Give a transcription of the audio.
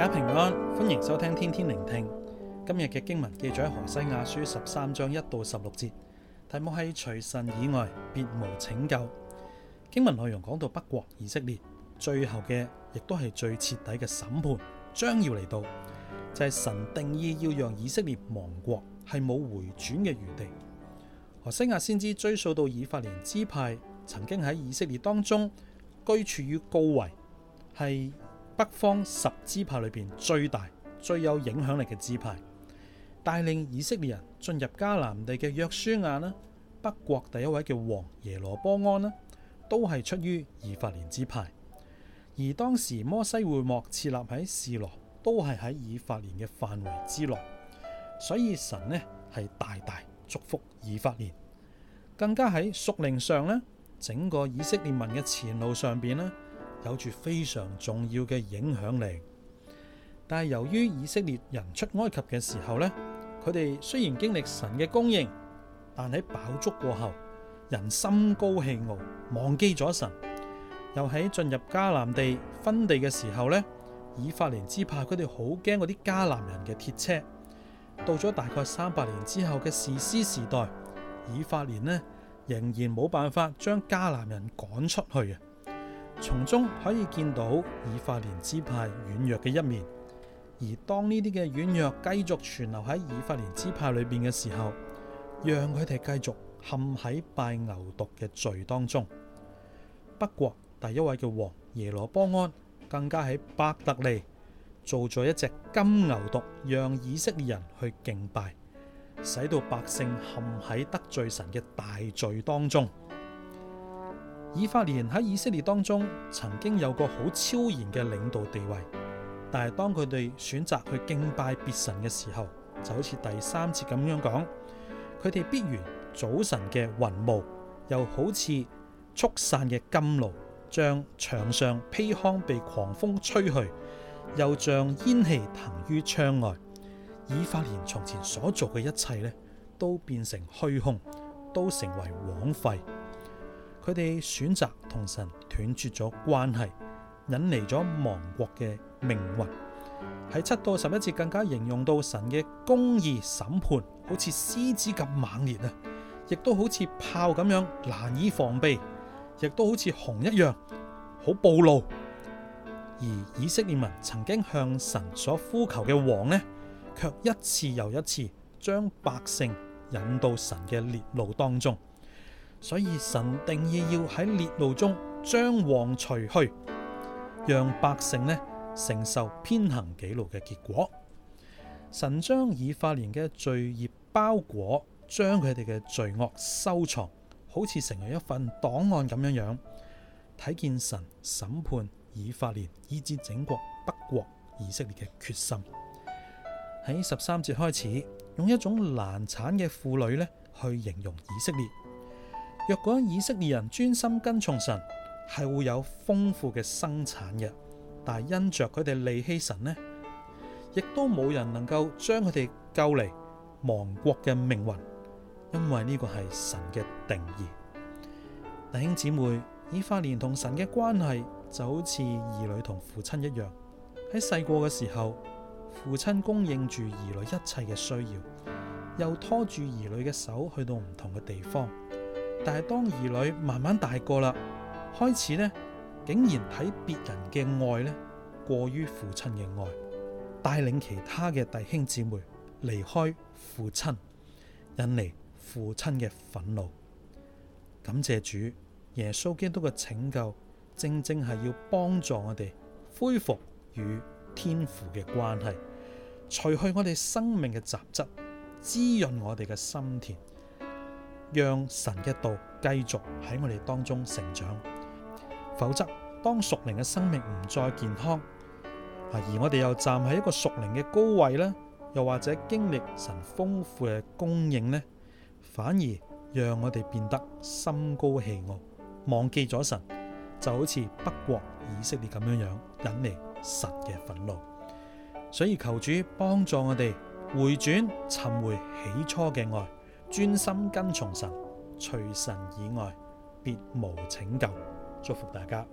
家平安，歡迎收聽天天聆聽。今日嘅經文記載喺何西亞書十三章一到十六節，題目係除神以外，別無拯救。經文內容講到北國以色列最後嘅，亦都係最徹底嘅審判將要嚟到，就係、是、神定意要讓以色列亡國係冇回轉嘅餘地。何西亞先知追溯到以法蓮支派曾經喺以色列當中居處於高位，係。北方十支派裏邊最大、最有影響力嘅支派，帶領以色列人進入迦南地嘅約書亞啦，北國第一位叫王耶羅波安啦，都係出於以法蓮支派。而當時摩西會幕設立喺示羅，都係喺以法蓮嘅範圍之內，所以神呢係大大祝福以法蓮，更加喺屬靈上呢，整個以色列民嘅前路上邊呢。有住非常重要嘅影響力，但係由於以色列人出埃及嘅時候呢，佢哋雖然經歷神嘅供應，但喺飽足過後，人心高氣傲，忘記咗神。又喺進入迦南地分地嘅時候呢，以法蓮支派佢哋好驚嗰啲迦南人嘅鐵車。到咗大概三百年之後嘅士師時代，以法蓮呢仍然冇辦法將迦南人趕出去啊！從中可以見到以法蓮支派軟弱嘅一面，而當呢啲嘅軟弱繼續存留喺以法蓮支派裏邊嘅時候，讓佢哋繼續陷喺拜牛犢嘅罪當中。北國第一位嘅王耶羅波安，更加喺伯特利做咗一隻金牛犢，讓以色列人去敬拜，使到百姓陷喺得罪神嘅大罪當中。以法蓮喺以色列當中，曾經有個好超然嘅領導地位，但係當佢哋選擇去敬拜別神嘅時候，就好似第三節咁樣講，佢哋必然早晨嘅雲霧，又好似速散嘅甘露，像場上糠粃被狂風吹去，又像煙氣騰於窗外。以法蓮從前所做嘅一切呢，都變成虛空，都成為枉費。佢哋選擇同神斷絕咗關係，引嚟咗亡國嘅命運。喺七到十一節更加形容到神嘅公義審判，好似獅子咁猛烈啊，亦都好似豹咁樣難以防備，亦都好似熊一樣好暴怒。而以色列民曾經向神所呼求嘅王呢，卻一次又一次將百姓引到神嘅烈怒當中。所以神定意要喺烈怒中將王除去，讓百姓呢承受偏行己路嘅結果。神將以法蓮嘅罪孽包裹，將佢哋嘅罪惡收藏，好似成為一份檔案咁樣樣。睇見神審判以法蓮，以致整國北國以色列嘅決心。喺十三節開始，用一種難產嘅婦女呢去形容以色列。若果以色列人專心跟從神，係會有豐富嘅生產嘅，但係因着佢哋離棄神呢，亦都冇人能夠將佢哋救離亡國嘅命運，因為呢個係神嘅定意。弟兄姊妹，以法蓮同神嘅關係就好似兒女同父親一樣，喺細個嘅時候，父親供應住兒女一切嘅需要，又拖住兒女嘅手去到唔同嘅地方。但係當兒女慢慢大個啦，開始呢，竟然睇別人嘅愛呢，過於父親嘅愛，帶領其他嘅弟兄姊妹離開父親，引嚟父親嘅憤怒。感謝主，耶穌基督嘅拯救，正正係要幫助我哋恢復與天父嘅關係，除去我哋生命嘅雜質，滋潤我哋嘅心田。讓神嘅道繼續喺我哋當中成長，否則當屬靈嘅生命唔再健康，而我哋又站喺一個屬靈嘅高位咧，又或者經歷神豐富嘅供應咧，反而讓我哋變得心高氣傲，忘記咗神，就好似北國以色列咁樣樣，引嚟神嘅憤怒。所以求主幫助我哋回轉，尋回起初嘅愛。專心跟從神，除神以外，別無拯救。祝福大家。